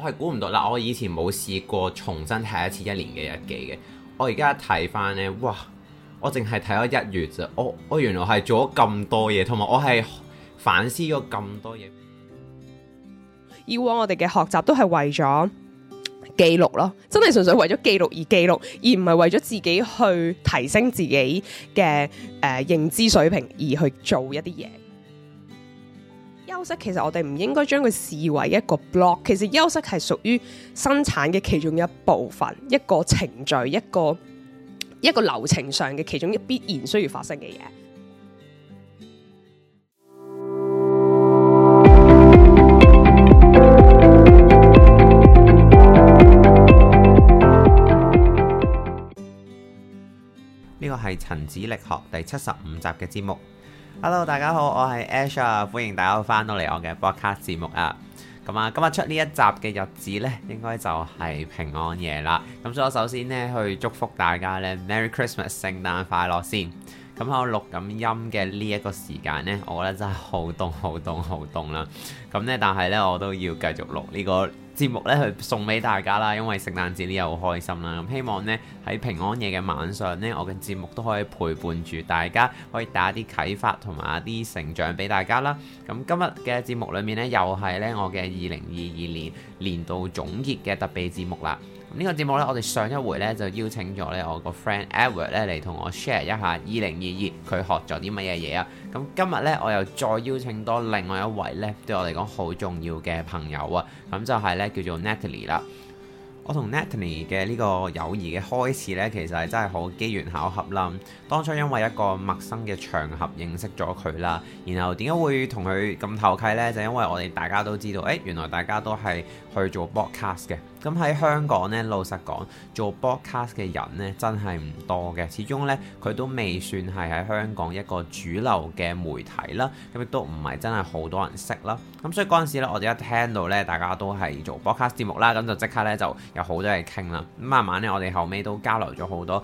我係估唔到，啦，我以前冇試過重新睇一次一年嘅日記嘅。我而家睇翻呢，哇！我淨係睇咗一月啫，我我原來係做咗咁多嘢，同埋我係反思咗咁多嘢。以往我哋嘅學習都係為咗記錄咯，真係純粹為咗記錄而記錄，而唔係為咗自己去提升自己嘅誒、呃、認知水平而去做一啲嘢。休息其實我哋唔應該將佢視為一個 block，其實休息係屬於生產嘅其中一部分，一個程序，一個一個流程上嘅其中一必然需要發生嘅嘢。呢個係塵籽力學第七十五集嘅節目。Hello，大家好，我係 Ash 啊，歡迎大家翻到嚟我嘅播客節目啊。咁啊，今日出呢一集嘅日子呢，應該就係平安夜啦。咁所以我首先呢，去祝福大家呢 Merry Christmas，聖誕快樂先。咁喺我錄緊音嘅呢一個時間呢，我覺得真係好凍，好凍，好凍啦。咁呢，但係呢，我都要繼續錄呢個。節目咧去送俾大家啦，因為聖誕節你又開心啦，咁希望呢，喺平安夜嘅晚上呢，我嘅節目都可以陪伴住大家，可以打啲啟發同埋一啲成長俾大家啦。咁今日嘅節目裏面呢，又係呢我嘅二零二二年年度總結嘅特備節目啦。呢個節目咧，我哋上一回咧就邀請咗咧我個 friend Edward 咧嚟同我 share 一下二零二二佢學咗啲乜嘢嘢啊！咁今日咧我又再邀請多另外一位咧對我嚟講好重要嘅朋友啊！咁就係咧叫做 Natalie 啦。我同 Natalie 嘅呢個友誼嘅開始咧，其實係真係好機緣巧合啦。當初因為一個陌生嘅場合認識咗佢啦，然後點解會同佢咁投契咧？就因為我哋大家都知道，誒、哎、原來大家都係去做 broadcast 嘅。咁喺香港呢，老實講，做 podcast 嘅人呢真係唔多嘅。始終呢，佢都未算係喺香港一個主流嘅媒體啦。咁亦都唔係真係好多人識啦。咁所以嗰陣時咧，我哋一聽到呢，大家都係做 podcast 節目啦，咁就即刻呢就有好多嘢傾啦。咁慢慢呢，我哋後尾都交流咗好多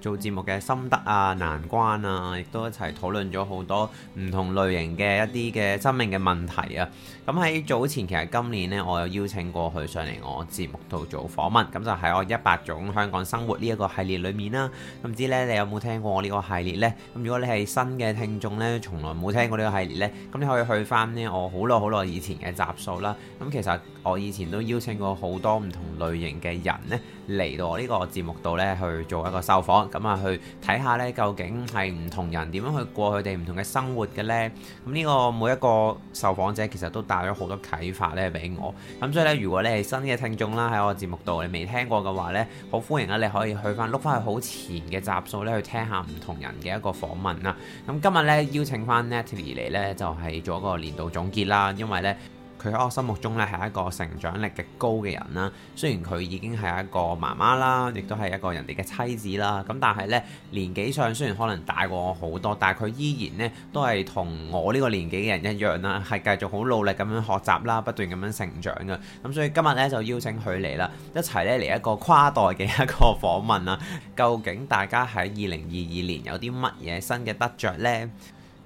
做節目嘅心得啊、難關啊，亦都一齊討論咗好多唔同類型嘅一啲嘅生命嘅問題啊。咁喺早前，其實今年呢，我有邀請過佢上嚟我節目度做訪問，咁就喺我一百種香港生活呢一個系列裏面啦。咁唔知咧，你有冇聽過我呢個系列咧？咁如果你係新嘅聽眾咧，從來冇聽過呢個系列咧，咁你可以去翻呢，我好耐好耐以前嘅集數啦。咁其實我以前都邀請過好多唔同類型嘅人咧嚟到我呢個節目度咧去做一個受訪，咁啊去睇下咧究竟係唔同人點樣去過佢哋唔同嘅生活嘅咧。咁呢個每一個受訪者其實都帶咗好多啟發咧俾我，咁所以咧，如果你係新嘅聽眾啦，喺我節目度你未聽過嘅話呢，好歡迎咧你可以去翻碌翻去好前嘅集數咧去聽下唔同人嘅一個訪問啦。咁今日咧邀請翻 Natalie 嚟呢，就係、是、做一個年度總結啦，因為呢。佢喺我心目中咧係一個成長力極高嘅人啦。雖然佢已經係一個媽媽啦，亦都係一個人哋嘅妻子啦。咁但係呢，年紀上雖然可能大過我好多，但係佢依然呢都係同我呢個年紀嘅人一樣啦，係繼續好努力咁樣學習啦，不斷咁樣成長嘅。咁所以今日呢，就邀請佢嚟啦，一齊咧嚟一個跨代嘅一個訪問啦。究竟大家喺二零二二年有啲乜嘢新嘅得着呢？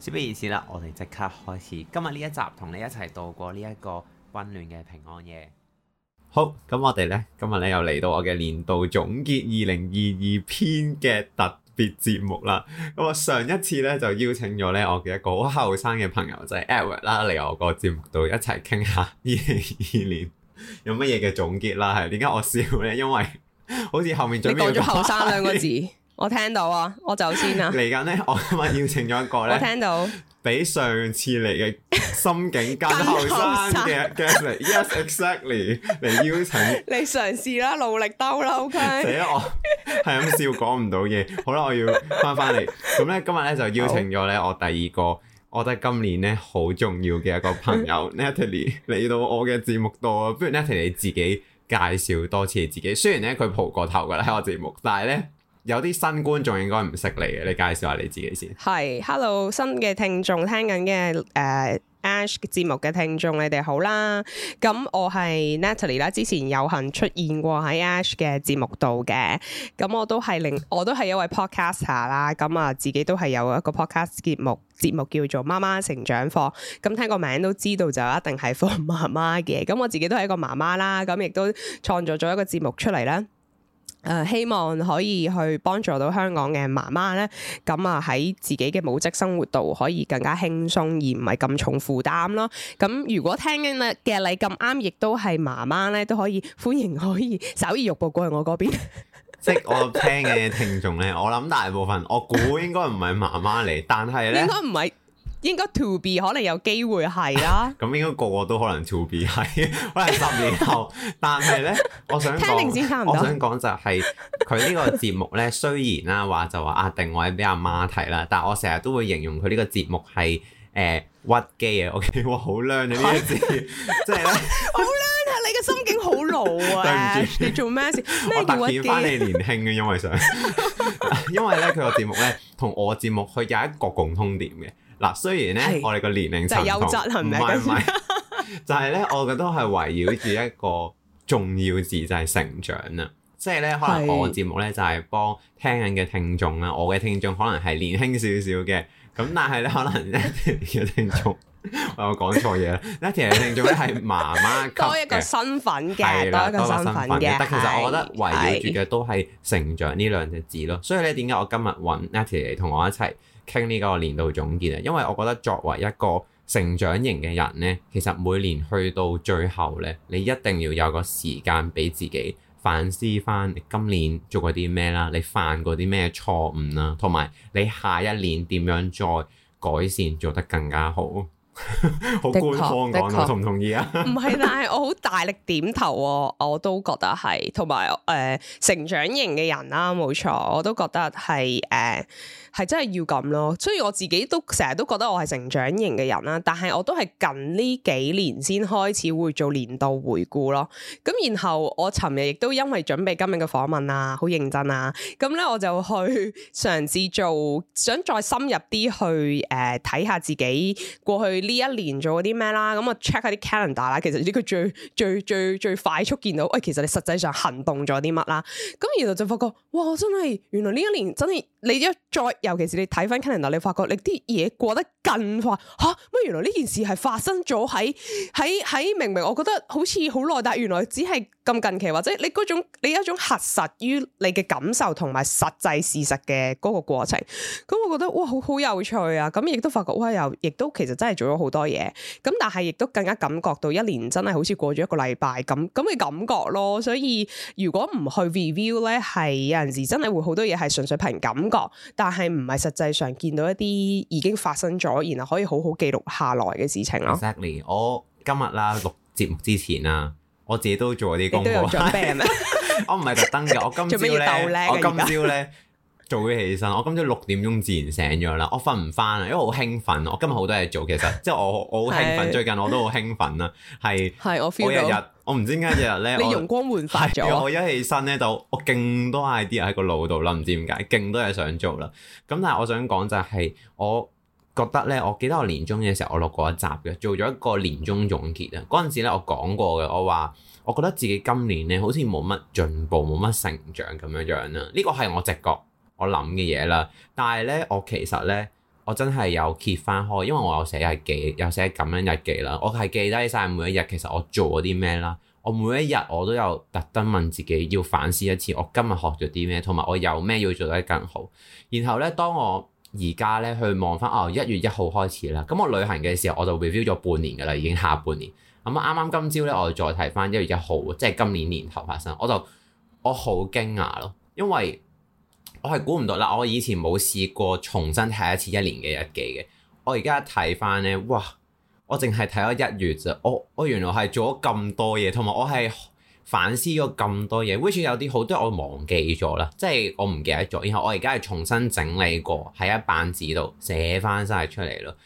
事不宜遲啦，我哋即刻開始今日呢一集，同你一齊度過呢一個溫暖嘅平安夜。好，咁我哋呢，今日呢又嚟到我嘅年度總結二零二二篇嘅特別節目啦。咁我上一次呢，就邀請咗呢我嘅一個好後生嘅朋友就係、是、Edward 啦嚟我個節目度一齊傾下二零二二年有乜嘢嘅總結啦。係點解我笑呢？因為好似後面準備你講咗後生兩個字。 我聽到啊，我走先啊。嚟緊咧，我今日邀請咗一個咧， 我聽到，比上次嚟嘅心境更後生嘅。 Yes，exactly，嚟 邀請。你嘗試啦，努力兜啦，OK。 我係咁笑講唔到嘢，好啦，我要翻翻嚟。咁咧 今日咧就邀請咗咧我第二個， 我覺得今年咧好重要嘅一個朋友 Natalie 嚟到我嘅節目度啊。不如 Natalie 自己介紹多次自己。雖然咧佢蒲過頭噶啦喺我節目，但係咧。有啲新觀眾應該唔識你嘅，你介紹下你自己先。係 ，Hello，新嘅聽眾，聽緊嘅誒 Ash 嘅節目嘅聽眾，你哋好啦。咁我係 Natalie 啦，之前有幸出現過喺 Ash 嘅節目度嘅。咁我都係另，我都係一位 podcaster 啦。咁啊，自己都係有一個 podcast 節目，節目叫做媽媽成長課。咁聽個名都知道就一定係 for 媽媽嘅。咁我自己都係一個媽媽啦，咁亦都創作咗一個節目出嚟啦。誒希望可以去幫助到香港嘅媽媽咧，咁啊喺自己嘅母職生活度可以更加輕鬆，而唔係咁重負擔咯。咁如果聽緊咧嘅你咁啱，亦都係媽媽咧，都可以歡迎可以稍移玉步過嚟我嗰邊。即係我聽嘅聽眾咧，我諗大部分我估應該唔係媽媽嚟，但係咧應該唔係。應該 to B 可能有機會係啦，咁 應該個個都可能 to B 係， 可能十年後， 但係咧， 我想聽定先， 我想講就係、是、佢 呢個節目咧，雖然啦話就話啊定位俾阿媽睇啦，但我成日都會形容佢、呃 就是、呢個節目係誒屈機啊，OK，哇好靚呢咩事，即係咧好靚啊，你嘅心境好老啊，對唔住，你做咩事？ 我突變翻你年輕嘅， 因為想，因為咧佢個節目咧同我節目佢有一個共通點嘅。嗱，雖然咧我哋個年齡層就係幼澤，係咪啊？唔係，就係咧，我覺得係圍繞住一個重要字，就係成長啦。即係咧，可能我節目咧就係幫聽緊嘅聽眾啦。我嘅聽眾可能係年輕少少嘅，咁但係咧可能咧嘅聽眾，我講錯嘢啦。Natalie 嘅聽眾咧係媽媽多一個身份嘅，係啦，多一個身份嘅。但其實我覺得圍繞住嘅都係成長呢兩隻字咯。所以咧，點解我今日揾 Natalie 嚟同我一齊？傾呢個年度總結啊，因為我覺得作為一個成長型嘅人呢，其實每年去到最後呢，你一定要有個時間俾自己反思翻你今年做過啲咩啦，你犯過啲咩錯誤啦，同埋你下一年點樣再改善，做得更加好。好 官方講，同唔同意啊？唔 係，但係我好大力點頭，啊，我都覺得係，同埋誒，成長型嘅人啦，啊，冇錯，我都覺得係誒。呃係真係要咁咯，雖然我自己都成日都覺得我係成長型嘅人啦，但係我都係近呢幾年先開始會做年度回顧咯。咁然後我尋日亦都因為準備今日嘅訪問啊，好認真啊。咁咧我就去嘗試做，想再深入啲去誒睇下自己過去呢一年做啲咩啦。咁啊 check 下啲 calendar 啦，其實呢個最最最最快速見到，喂、哎，其實你實際上行動咗啲乜啦。咁然後就發覺，哇，我真係原來呢一年真係～你一再，尤其是你睇翻 Canada 你發覺你啲嘢過得更快。嚇，乜原來呢件事係發生咗喺喺喺明明，我覺得好似好耐，但原來只係咁近期，或者你嗰種你有一種核實於你嘅感受同埋實際事實嘅嗰個過程，咁我覺得哇，好好有趣啊！咁亦都發覺，哇又亦都其實真係做咗好多嘢，咁但係亦都更加感覺到一年真係好似過咗一個禮拜咁咁嘅感覺咯。所以如果唔去 review 咧，係有陣時真係會好多嘢係純粹憑感。但係唔係實際上見到一啲已經發生咗，然後可以好好記錄下來嘅事情咯。Exactly，我今日啦，錄節目之前啦，我自己都做啲功課。了了 我唔係特登嘅，我今朝咧， 我今朝咧早啲起身，我今朝六點鐘自然醒咗啦。我瞓唔翻啊，因為好興奮。我今日好多嘢做，其實即係我我好興奮。的最近我都好興奮啊，係，係我 feel 到我唔知點解今日咧， 你容光煥發咗。我一起身咧就我勁多 idea 喺個腦度啦，唔知點解勁多嘢想做啦。咁但係我想講就係、是，我覺得咧，我記得我年中嘅時候，我錄過一集嘅，做咗一個年中總結啊。嗰陣時咧，我講過嘅，我話我覺得自己今年咧，好似冇乜進步，冇乜成長咁樣樣啦。呢個係我直覺，我諗嘅嘢啦。但係咧，我其實咧。我真係有揭翻開，因為我有寫日記，有寫咁樣日記啦。我係記低晒每一日，其實我做咗啲咩啦。我每一日我都有特登問自己，要反思一次。我今日學咗啲咩，同埋我有咩要做得更好。然後呢，當我而家呢去望翻，哦，一月一號開始啦。咁、嗯、我旅行嘅時候，我就 review 咗半年噶啦，已經下半年。咁啱啱今朝呢，我就再睇翻一月一號，即係今年年頭發生，我就我好驚訝咯，因為。我係估唔到啦！我以前冇試過重新睇一次一年嘅日記嘅。我而家睇翻咧，哇！我淨係睇咗一月咋，我我原來係做咗咁多嘢，同埋我係反思咗咁多嘢，which 有啲好多我忘記咗啦，即係我唔記得咗。然後我而家係重新整理過喺一版紙度寫翻晒出嚟咯。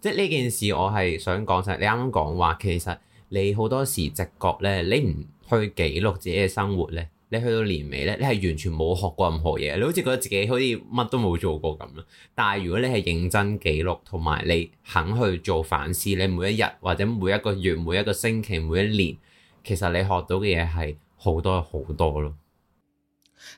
即係呢件事我係想講晒。你啱啱講話，其實你好多時直覺咧，你唔去記錄自己嘅生活咧。你去到年尾咧，你係完全冇學過任何嘢，你好似覺得自己好似乜都冇做過咁啦。但係如果你係認真記錄同埋你肯去做反思，你每一日或者每一個月、每一個星期、每一年，其實你學到嘅嘢係好多好多咯。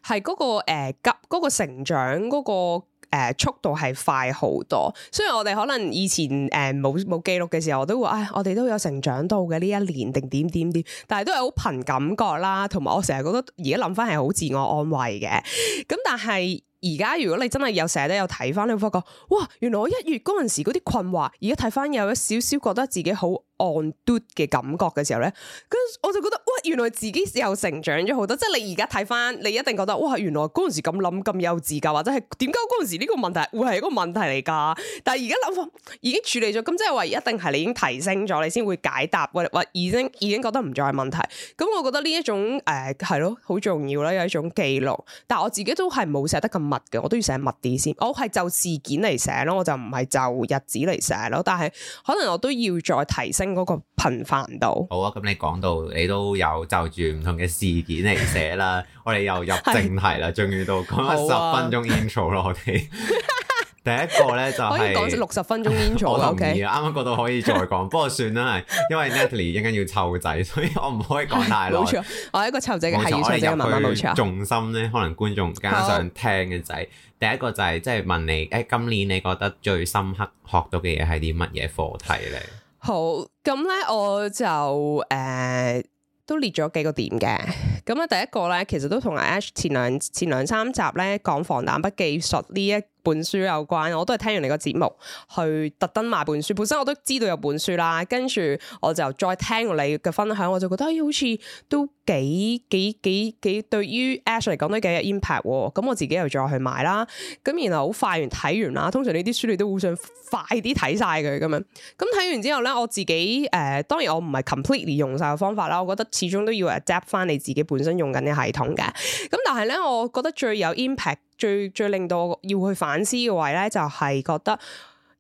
係嗰個、呃、急嗰個成長嗰個。誒、呃、速度係快好多，雖然我哋可能以前誒冇冇記錄嘅時候，我都會，唉，我哋都有成長到嘅呢一年定點點點，但係都係好憑感覺啦，同埋我成日覺得而家諗返係好自我安慰嘅，咁但係，而家如果你真係有成日都有睇翻，你會發覺哇，原來我一月嗰陣時嗰啲困惑，而家睇翻有一少少覺得自己好 on do 嘅感覺嘅時候咧，跟我就覺得哇，原來自己又成長咗好多。即係你而家睇翻，你一定覺得哇，原來嗰陣時咁諗咁幼稚噶，或者係點解嗰陣時呢個問題會係一個問題嚟噶？但係而家諗返已經處理咗，咁即係話一定係你已經提升咗，你先會解答，或或已經已經覺得唔再係問題。咁我覺得呢一種誒係咯，好、呃、重要啦，有一種記錄。但係我自己都係冇寫得咁。物嘅，我都要寫密啲先。我、哦、係就事件嚟寫咯，我就唔係就日子嚟寫咯。但係可能我都要再提升嗰個頻繁度。好啊，咁你講到你都有就住唔同嘅事件嚟寫啦， 我哋又入正題啦，終於 是到講十分鐘 intro 咯，我哋、啊。okay? 第一個咧就係、是、 可以講六十分鐘， 我同意啊！啱啱 過到可以再講， 不過算啦，因為 Natalie 一陣間要湊仔，所以我唔可以講太多。冇錯 ，我一個湊仔嘅係，錯要我冇去重心咧， 可能觀眾加上聽嘅仔。好第一個就係即係問你，誒、欸，今年你覺得最深刻學到嘅嘢係啲乜嘢課題咧？好，咁咧我就誒、呃、都列咗幾個點嘅。咁咧第一個咧，其實都同 Ash 前兩前兩三集咧講防彈筆記術呢一。本書有關，我都係聽完你個節目，去特登買本書。本身我都知道有本書啦，跟住我就再聽過你嘅分享，我就覺得、哎、好似都幾幾幾幾對於 Ash 嚟講都幾有 impact，喔。咁我自己又再去買啦。咁然後好快完睇完啦。通常呢啲書你都會想快啲睇晒佢咁樣。咁睇完之後咧，我自己誒、呃，當然我唔係 completely 用晒個方法啦。我覺得始終都要 adapt 翻你自己本身用緊嘅系統嘅。咁但係咧，我覺得最有 impact。最最令到我要去反思嘅位咧，就係覺得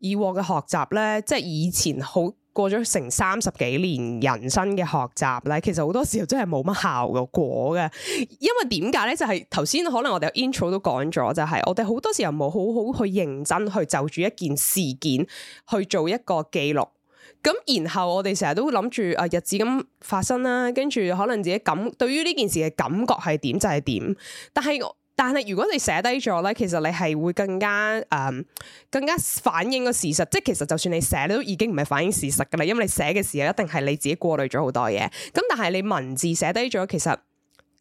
以往嘅學習咧，即係以前好過咗成三十幾年人生嘅學習咧，其實好多時候真係冇乜效果嘅。因為點解咧？就係頭先可能我哋有 intro 都講咗，就係、是、我哋好多時候冇好好去認真去就住一件事件去做一個記錄。咁然後我哋成日都會諗住啊日子咁發生啦，跟住可能自己感對於呢件事嘅感覺係點就係點，但係。但係如果你寫低咗咧，其實你係會更加誒、呃，更加反映個事實。即係其實就算你寫，你都已經唔係反映事實噶啦，因為你寫嘅時候一定係你自己過濾咗好多嘢。咁但係你文字寫低咗，其實而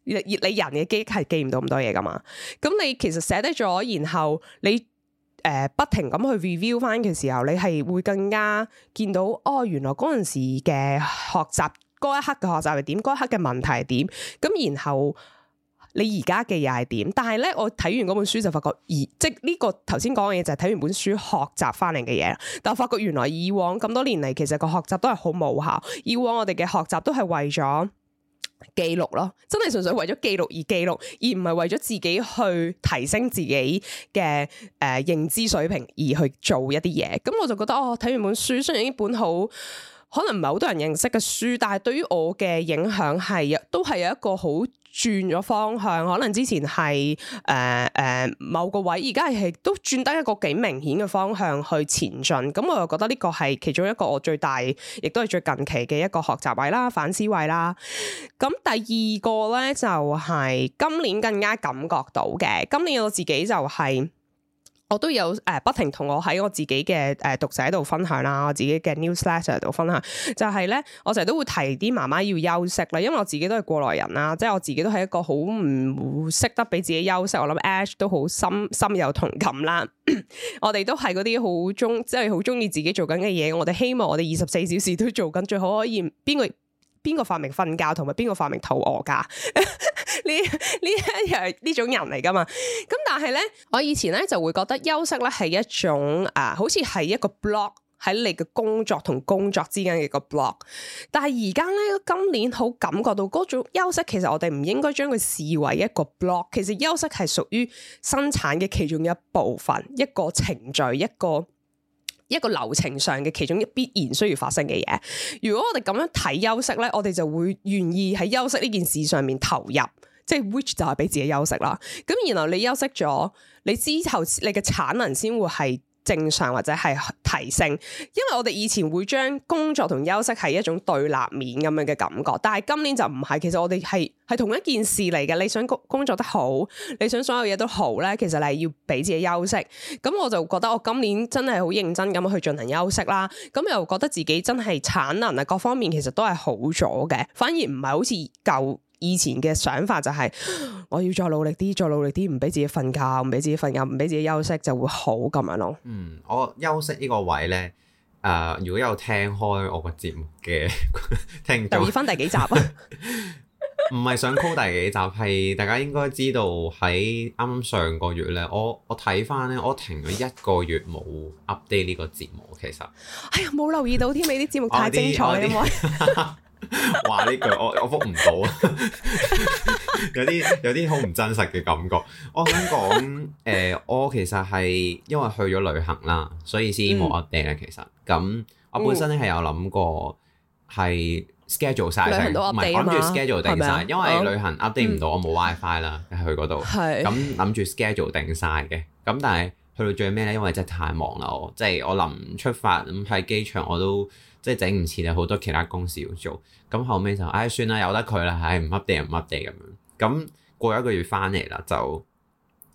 你人嘅記憶係記唔到咁多嘢噶嘛。咁你其實寫低咗，然後你誒、呃、不停咁去 review 翻嘅時候，你係會更加見到哦，原來嗰陣時嘅學習嗰一刻嘅學習係點，嗰一刻嘅問題係點。咁然後。你而家嘅又係點？但係咧，我睇完嗰本書就發覺，而即係呢個頭先講嘅嘢就係睇完本書學習翻嚟嘅嘢。但係我發覺原來以往咁多年嚟，其實個學習都係好冇效。以往我哋嘅學習都係為咗記錄咯，真係純粹為咗記錄而記錄，而唔係為咗自己去提升自己嘅誒、呃、認知水平而去做一啲嘢。咁我就覺得哦，睇完本書，雖然呢本好可能唔係好多人認識嘅書，但係對於我嘅影響係都係有一個好。轉咗方向，可能之前係誒誒某個位，而家係都轉得一個幾明顯嘅方向去前進。咁我又覺得呢個係其中一個我最大，亦都係最近期嘅一個學習位啦、反思位啦。咁第二個咧就係、是、今年更加感覺到嘅，今年我自己就係、是。我都有誒不停同我喺我自己嘅誒、呃、讀者度分享啦，我自己嘅 newsletter 度分享，就係咧，我成日都會提啲媽媽要休息啦，因為我自己都係過來人啦，即係我自己都係一個好唔識得俾自己休息，我諗 Ash 都好深深有同感啦。 我哋都係嗰啲好中，即係好中意自己做緊嘅嘢，我哋希望我哋二十四小時都做緊，最好可以邊個邊個發明瞓覺，同埋邊個發明肚餓噶？ 呢呢一樣呢種人嚟㗎嘛？咁但係咧，我以前咧就會覺得休息咧係一種啊、呃，好似係一個 block 喺你嘅工作同工作之間嘅一個 block。但係而家咧，今年好感覺到嗰種休息，其實我哋唔應該將佢視為一個 block。其實休息係屬於生產嘅其中一部分，一個程序，一個一個流程上嘅其中一必然需要發生嘅嘢。如果我哋咁樣睇休息咧，我哋就會願意喺休息呢件事上面投入。即係 which 就係俾自己休息啦。咁然後你休息咗，你之後你嘅產能先會係正常或者係提升。因為我哋以前會將工作同休息係一種對立面咁樣嘅感覺，但係今年就唔係。其實我哋係係同一件事嚟嘅。你想工工作得好，你想所有嘢都好咧，其實你係要俾自己休息。咁我就覺得我今年真係好認真咁去進行休息啦。咁又覺得自己真係產能啊各方面其實都係好咗嘅，反而唔係好似舊。以前嘅想法就係、是、我要再努力啲，再努力啲，唔俾自己瞓覺，唔俾自己瞓覺，唔俾自己休息就會好咁樣咯。嗯，我休息呢個位呢。誒、呃，如果有聽開我個節目嘅 聽眾說，要分第幾集啊？唔 係 想 call 第幾集，係 大家應該知道喺啱啱上個月呢，我我睇翻呢，我停咗一個月冇 update 呢個節目，其實哎呀，冇留意到添，你啲節目太精彩話呢 句我我覆唔到，有啲有啲好唔真實嘅感覺。 我想講，誒、呃，我其實係因為去咗旅行啦，所以先冇 update 咧。其實咁，我本身咧係有諗過係 schedule 晒，唔係、呃、不我諗住 schedule 定晒，嗎因為旅行 update 唔到，我冇 wifi 啦，喺去嗰度。係咁諗住 schedule 定晒嘅，咁但係去到最尾咧，因為真係太忙啦，就是、我即係我臨出發咁喺機場我都。即係整唔切啦，好多其他公司要做，咁後尾就唉、哎、算啦，由得佢啦，唉、哎，唔 update 唔 update 咁樣。咁過一個月翻嚟啦，就誒、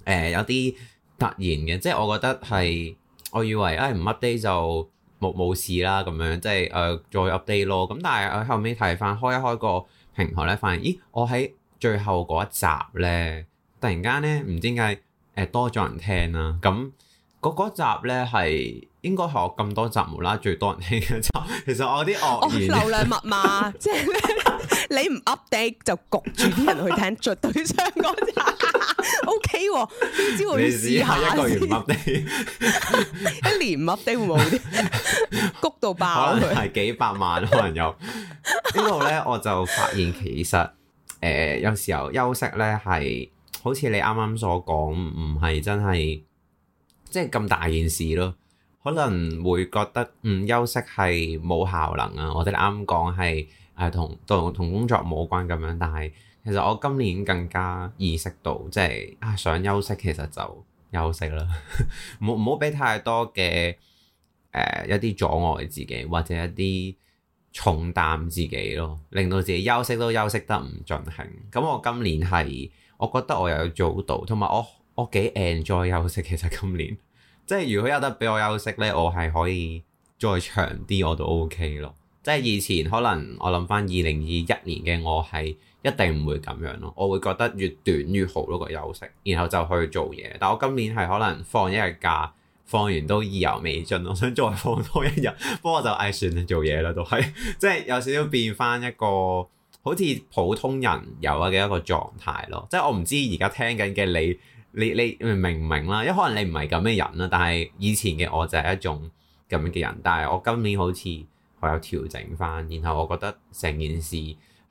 呃、有啲突然嘅，即係我覺得係，我以為唉唔 update 就冇冇事啦咁樣，即係誒、呃、再 update 咯。咁但係我後尾睇翻開一開個平台咧，發現咦我喺最後嗰一集咧，突然間咧唔知點解誒多咗人聽啊咁。嗰集咧係，應該係我咁多集無啦最多人聽嘅集。其實我有啲惡言、哦，我流量密碼， 即係你唔 update 就焗住啲人去聽，絕對上嗰集。O K，點知會你只係一個月唔 update， 一年唔 update 會冇啲谷到爆。 可能係幾百萬，可能有。呢度咧，我就發現其實，誒、呃，有時候休息咧係，好似你啱啱所講，唔係真係。即係咁大件事咯，可能會覺得，嗯，休息係冇效能啊，我哋啱啱講係誒、同同工作冇關咁樣，但係其實我今年更加意識到，即係啊想休息其實就休息啦，唔好唔好俾太多嘅誒、呃、一啲阻礙自己或者一啲重擔自己咯，令到自己休息都休息得唔盡興。咁我今年係我覺得我有做到，同埋我。哦我幾 enjoy 休息，其實今年即係如果有得俾我休息呢，我係可以再長啲我都 OK 咯。即係以前可能我諗翻二零二一年嘅我係一定唔會咁樣咯，我會覺得越短越好嗰個休息，然後就去做嘢。但我今年係可能放一日假，放完都意猶未盡，我想再放多一日。不過就唉、哎、算啦，做嘢啦都係，即係有少少變翻一個好似普通人有啊嘅一個狀態咯。即係我唔知而家聽緊嘅你。你你明唔明啦？因為可能你唔係咁嘅人啦，但係以前嘅我就係一種咁嘅人，但係我，我今年好似我有調整翻，然後我覺得成件事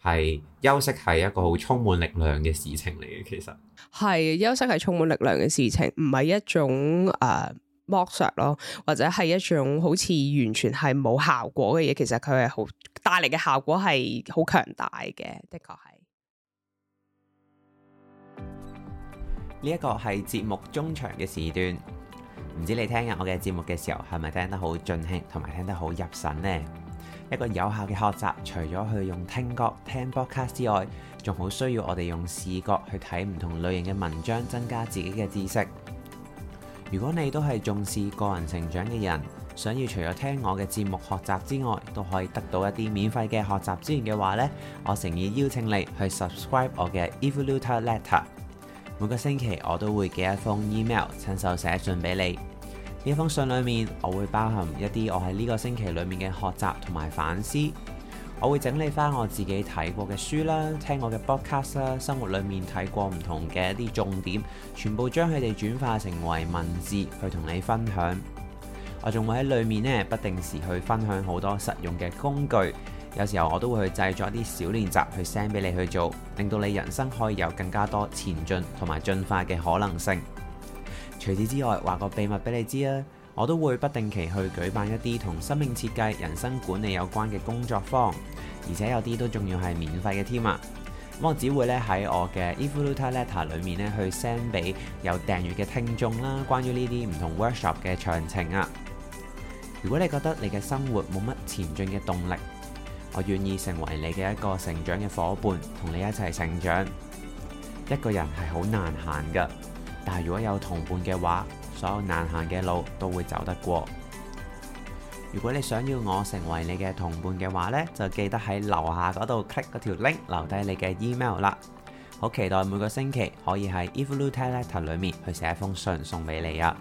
係休息係一個好充滿力量嘅事情嚟嘅，其實係休息係充滿力量嘅事情，唔係一種誒、呃、剝削咯，或者係一種好似完全係冇效果嘅嘢。其實佢係好帶嚟嘅效果係好強大嘅，的確係。呢一個係節目中場嘅時段，唔知你聽日我嘅節目嘅時候係咪聽得好盡興，同埋聽得好入神呢？一個有效嘅學習，除咗去用聽覺聽 podcast 之外，仲好需要我哋用視覺去睇唔同類型嘅文章，增加自己嘅知識。如果你都係重視個人成長嘅人，想要除咗聽我嘅節目學習之外，都可以得到一啲免費嘅學習資源嘅話呢，我誠意邀請你去 subscribe 我嘅 Evolution Letter。每個星期我都會寄一封 email 親手寫信俾你，呢封信裏面我會包含一啲我喺呢個星期裏面嘅學習同埋反思，我會整理翻我自己睇過嘅書啦、聽我嘅 podcast 啦、生活裏面睇過唔同嘅一啲重點，全部將佢哋轉化成為文字去同你分享。我仲會喺裏面呢不定時去分享好多實用嘅工具。有時候我都會去製作一啲小練習去 send 俾你去做，令到你人生可以有更加多前進同埋進化嘅可能性。除此之外，話個秘密俾你知啊，我都會不定期去舉辦一啲同生命設計、人生管理有關嘅工作坊，而且有啲都仲要係免費嘅添啊。咁我只會咧喺我嘅 Evoluta Letter 裏面咧去 send 俾有訂閲嘅聽眾啦。關於呢啲唔同 workshop 嘅詳情啊，如果你覺得你嘅生活冇乜前進嘅動力，我願意成為你嘅一個成長嘅伙伴，同你一齊成長。一個人係好難行㗎，但係如果有同伴嘅話，所有難行嘅路都會走得過。如果你想要我成為你嘅同伴嘅話呢，就記得喺樓下嗰度 click 嗰條 link，留低你嘅 email 啦。好期待每個星期可以喺 Evolution Letter 裏面去寫一封信送俾你啊！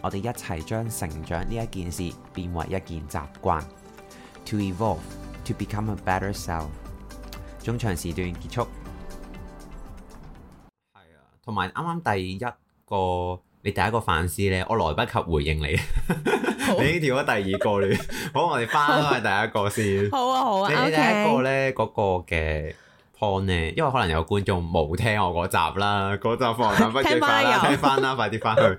我哋一齊將成長呢一件事變為一件習慣，to evolve。To become a better self，中場時段結束。係啊，同埋啱啱第一個，你第一個反思咧，我來不及回應你，好 你已經跳咗第二個了。好，我哋翻翻去第一個先。 好啊，好啊。你 K。okay 你第一個咧，嗰、那個嘅 point 咧，因為可能有觀眾冇聽我嗰集啦，嗰集放緊，不如聽翻啦， 聽翻完油啦，快啲翻去。誒，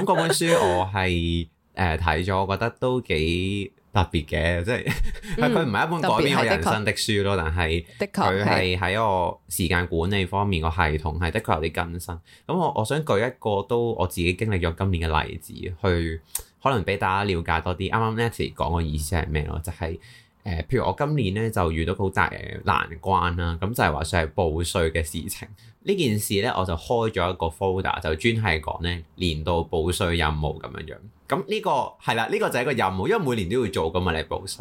咁嗰本書我係誒睇咗，我、呃、覺得都幾特別嘅，即係佢唔係一本改變我人生的書咯，嗯、但係佢係喺我時間管理方面個系統係的確有啲更新。咁我我想舉一個都我自己經歷咗今年嘅例子，去可能俾大家了解多啲。啱啱 Natalie 講嘅意思係咩咯？就係、是、誒、呃，譬如我今年咧就遇到好大難關啦，咁就係話算係報稅嘅事情。呢件事咧，我就開咗一個 folder，就專係講咧年度補稅任務咁樣樣。咁呢個係啦，呢個就係一個任務，因為每年都要做噶嘛，你補稅。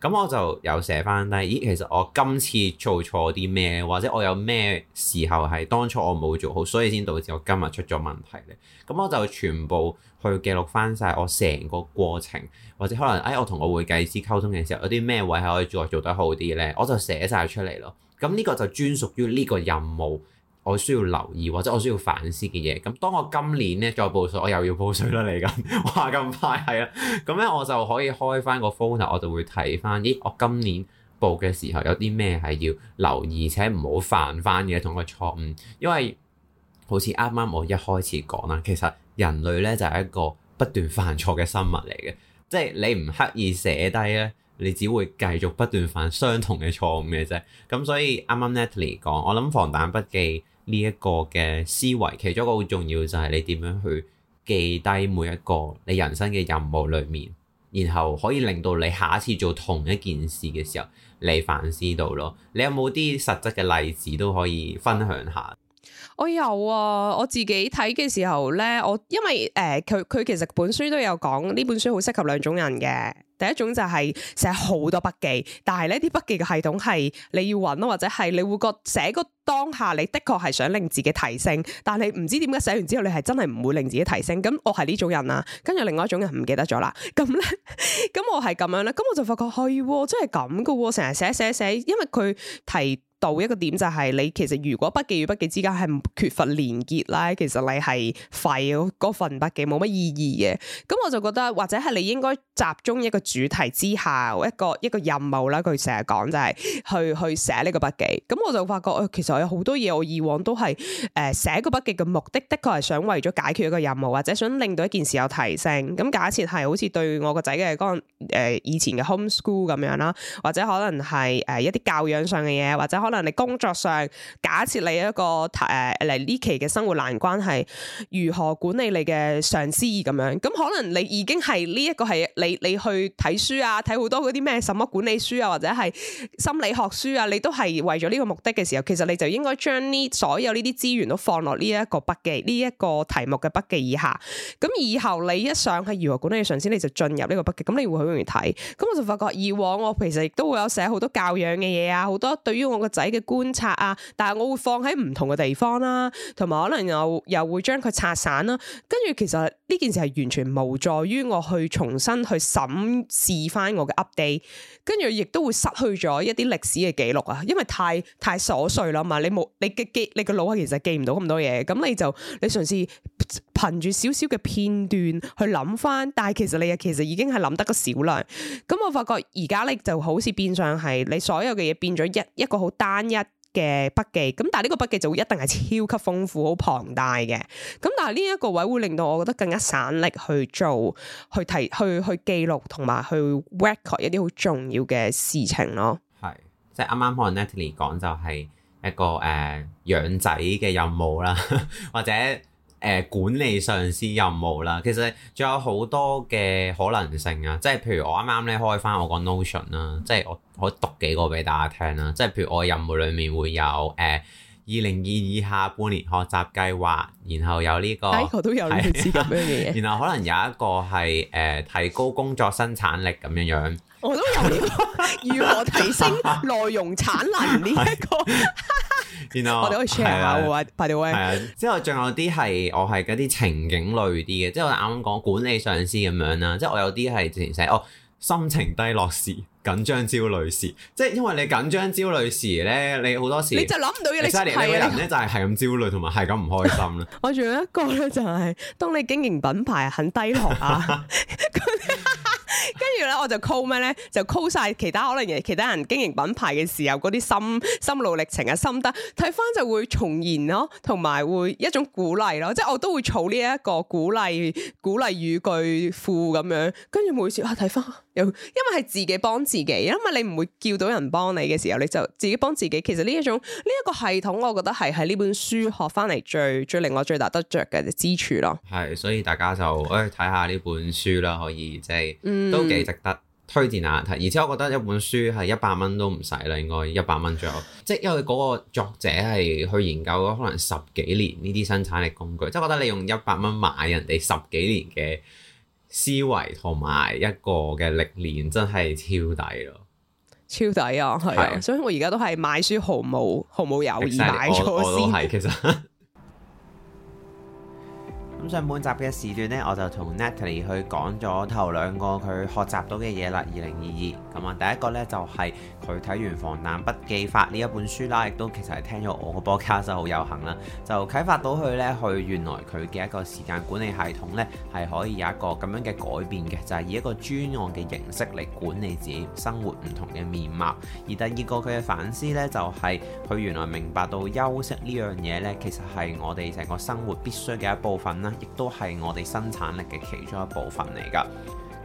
咁我就有寫翻低，咦，其實我今次做錯啲咩或者我有咩時候係當初我冇做好，所以先導致我今日出咗問題咧。咁我就全部去記錄翻晒我成個過程，或者可能誒，我同我會計師溝通嘅時候有啲咩位係可以再做得好啲咧，我就寫晒出嚟咯。咁呢個就專屬於呢個任務，我需要留意或者我需要反思嘅嘢，咁當我今年咧再報稅，我又要報稅啦嚟緊，哇咁快係啊，咁咧 我就可以開翻個 Photo 我就會睇翻，咦我今年報嘅時候有啲咩係要留意，且唔好犯翻嘅同一個錯誤，因為好似啱啱我一開始講啦，其實人類咧就係一個不斷犯錯嘅生物嚟嘅，即係你唔刻意寫低咧。你只會繼續不斷犯相同嘅錯誤嘅啫，咁所以啱啱 Natalie 講，我諗防彈筆記呢一個嘅思維，其中一個好重要就係你點樣去記低每一個你人生嘅任務裡面，然後可以令到你下一次做同一件事嘅時候，你反思到咯。你有冇啲實質嘅例子都可以分享下？我有啊，我自己睇嘅時候呢，我因為誒佢佢其實本書都有講，呢本書好適合兩種人嘅。第一種就係寫好多筆記，但係呢啲筆記嘅系統係你要揾咯，或者係你會覺寫個當下，你的確係想令自己提升，但係你唔知點解寫完之後你係真係唔會令自己提升。咁我係呢種人啦，跟住另外一種人唔記得咗啦。咁咧，咁 我係咁樣啦，咁我就發覺係，真係咁噶喎，成日寫寫寫寫，因為佢提到一個點就係你其實，如果筆記與筆記之間係缺乏連結啦，其實你係廢嗰個份筆記冇乜意義嘅。咁我就覺得或者係你應該集中一個主題之下一個一個任務啦。佢成日講就係、是、去去寫呢個筆記，咁我就發覺誒、呃，其實有好多嘢我以往都係誒寫個筆記嘅目的，的確係想為咗解決一個任務，或者想令到一件事有提升。咁假設係好似對我個仔嘅嗰個誒以前嘅 homeschool 咁樣啦，或者可能係誒、呃、一啲教養上嘅嘢，或者可能你工作上，假設你一個誒，嚟呢期嘅生活難關係如何管理你嘅上司咁樣，咁可能你已經係呢一個係你你去睇書啊，睇好多嗰啲咩什麼管理書啊，或者係心理學書啊，你都係為咗呢個目的嘅時候，其實你就應該將呢所有呢啲資源都放落呢一個筆記呢一個題目嘅筆記以下，咁以後你一上係如何管理上司，你就進入呢個筆記，咁你會好容易睇。咁我就發覺以往我其實亦都會有寫好多教養嘅嘢啊，好多對於我嘅。仔嘅觀察啊，但係我會放喺唔同嘅地方啦，同埋可能又又會將佢拆散啦，跟住其實。呢件事係完全無助於我去重新去審視翻我嘅 update，跟住亦都會失去咗一啲歷史嘅記錄啊，因為太太瑣碎啦嘛，你冇你嘅記，你個腦啊其實記唔到咁多嘢，咁你就你嘗試憑住少少嘅片段去諗翻，但係其實你又其實已經係諗得個少量，咁我發覺而家咧就好似變相係你所有嘅嘢變咗一一個好單一。嘅筆記，咁但係呢個筆記就會一定係超級豐富、好龐大嘅。咁但係呢一個位會令到我覺得更加省力去做、去提、去去記錄同埋去 record 一啲好重要嘅事情咯。係，即係啱啱可能 Natalie 講就係一個誒、呃、養仔嘅任務啦，或者。誒、呃、管理上司任務啦，其實仲有好多嘅可能性啊！即係譬如我啱啱咧開翻我個 Notion 啦、啊，即係我我讀幾個俾大家聽啦、啊。即係譬如我任務裡面會有誒二零二二下半年學習計劃，然後有呢、這個，哎、都有是名然後可能有一個係誒、呃、提高工作生產力咁樣樣。我都有一個 如何提升內容產能呢一個。 然後我哋可以 share 下嘅話，by the way。係啊，之後仲有啲係我係嗰啲情景類啲嘅，即係我啱啱講管理上司咁樣啦。即係我有啲係直情寫哦，心情低落時、緊張焦慮時，即係因為你緊張焦慮時咧，你好多時你就諗唔到嘢，你三年呢一年咧就係係咁焦慮，同埋係咁唔開心啦。 我仲有一個咧就係、是、當你經營品牌很低落啊。 跟住咧， 我就 call 咩咧？就 call 晒其他可能其他人經營品牌嘅時候嗰啲心心路歷程啊、心得，睇翻就會重現咯，同埋會一種鼓勵咯，即係我都會儲呢一個鼓勵鼓勵語句庫咁樣，跟住每次啊睇翻。因為係自己幫自己，因為你唔會叫到人幫你嘅時候，你就自己幫自己。其實呢一種呢一、這個系統，我覺得係喺呢本書學翻嚟最最令我最大得着嘅之處咯。係、就是，所以大家就誒睇下呢本書啦，可以即係都幾值得推薦下、啊。睇、嗯，而且我覺得一本書係一百蚊都唔使啦，應該一百蚊左右。即係因為嗰個作者係去研究咗可能十幾年呢啲生產力工具，即係覺得你用一百蚊買人哋十幾年嘅。思維同埋一個嘅歷練真係超抵咯，超抵啊！係，的所以我而家都係買書毫無毫無猶豫買咗先。 咁上半集嘅時段咧，我就同 Natalie 去講咗頭兩個佢學習到嘅嘢啦。二零二二咁啊，第一個咧就係佢睇完《防彈筆記法》呢一本書啦，亦都其實係聽咗我個播客就好有幸啦，就啟發到佢咧佢原來佢嘅一個時間管理系統咧係可以有一個咁樣嘅改變嘅，就係以一個專案嘅形式嚟管理自己生活唔同嘅面貌。而第二個佢嘅反思咧，就係佢原來明白到休息呢樣嘢咧，其實係我哋成個生活必須嘅一部分啦。亦都係我哋生產力嘅其中一部分嚟㗎。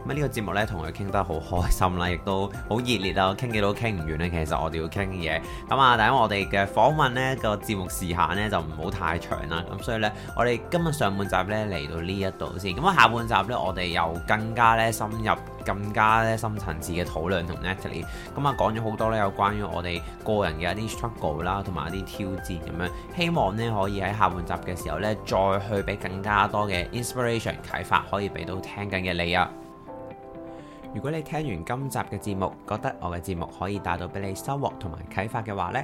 咁呢個節目咧，同佢傾得好開心啦，亦都好熱烈啊！傾幾多傾唔完呢？其實我哋要傾嘅嘢咁啊。但因為我哋嘅訪問呢、這個節目時限呢，就唔好太長啦，咁所以呢，我哋今日上半集呢，嚟到呢一度先咁啊。下半集呢，我哋又更加咧深入、更加咧深層次嘅討論同 Natalie 咁啊，講咗好多呢，有關於我哋個人嘅一啲 struggle 啦，同埋一啲挑戰咁樣。希望呢，可以喺下半集嘅時候呢，再去俾更加多嘅 inspiration 啟發，可以俾到聽緊嘅你啊！如果你聽完今集嘅節目，覺得我嘅節目可以帶到俾你收穫同埋啟發嘅話呢，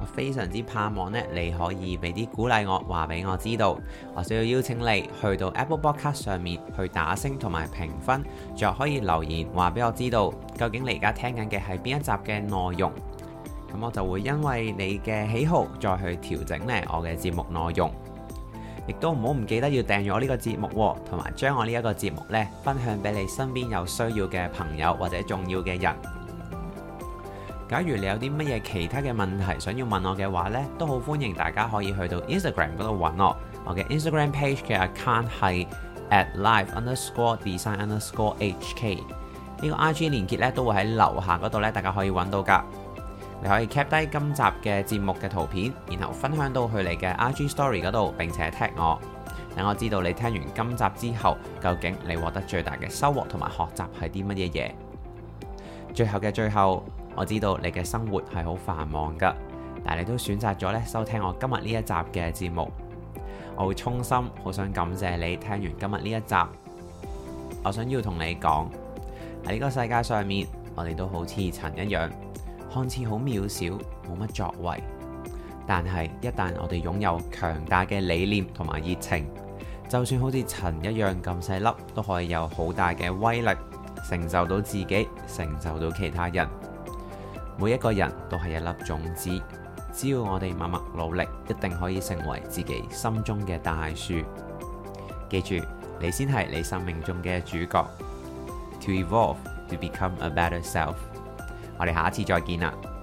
我非常之盼望呢，你可以俾啲鼓勵我，話俾我知道。我需要邀請你去到 Apple Podcast 上面去打星同埋評分，仲可以留言話俾我知道，究竟你而家聽緊嘅係邊一集嘅內容。咁我就會因為你嘅喜好再去調整呢我嘅節目內容。亦都唔好唔記得要訂閱我呢個節目，同埋將我呢一個節目呢，分享俾你身邊有需要嘅朋友或者重要嘅人。假如你有啲乜嘢其他嘅問題想要問我嘅話呢，都好歡迎大家可以去到 Instagram 嗰度揾我。我嘅 Instagram page 嘅 account 係 at life underscore design underscore hk。呢個 IG 連結呢都會喺樓下嗰度呢，大家可以揾到㗎。你可以 cap 低今集嘅節目嘅圖片，然後分享到去你嘅 IG story 嗰度，並且 tag 我，等我知道你聽完今集之後，究竟你獲得最大嘅收穫同埋學習係啲乜嘢嘢？最後嘅最後，我知道你嘅生活係好繁忙噶，但你都選擇咗咧收聽我今日呢一集嘅節目，我會衷心好想感謝你聽完今日呢一集。我想要同你講喺呢個世界上面，我哋都好似塵一樣。看似好渺小，冇乜作為，但係一旦我哋擁有強大嘅理念同埋熱情，就算好似塵一樣咁細粒，都可以有好大嘅威力，成就到自己，成就到其他人。每一個人都係一粒種子，只要我哋默默努力，一定可以成為自己心中嘅大樹。記住，你先係你生命中嘅主角。To evolve, to become a better self. 我哋下一次再見啦～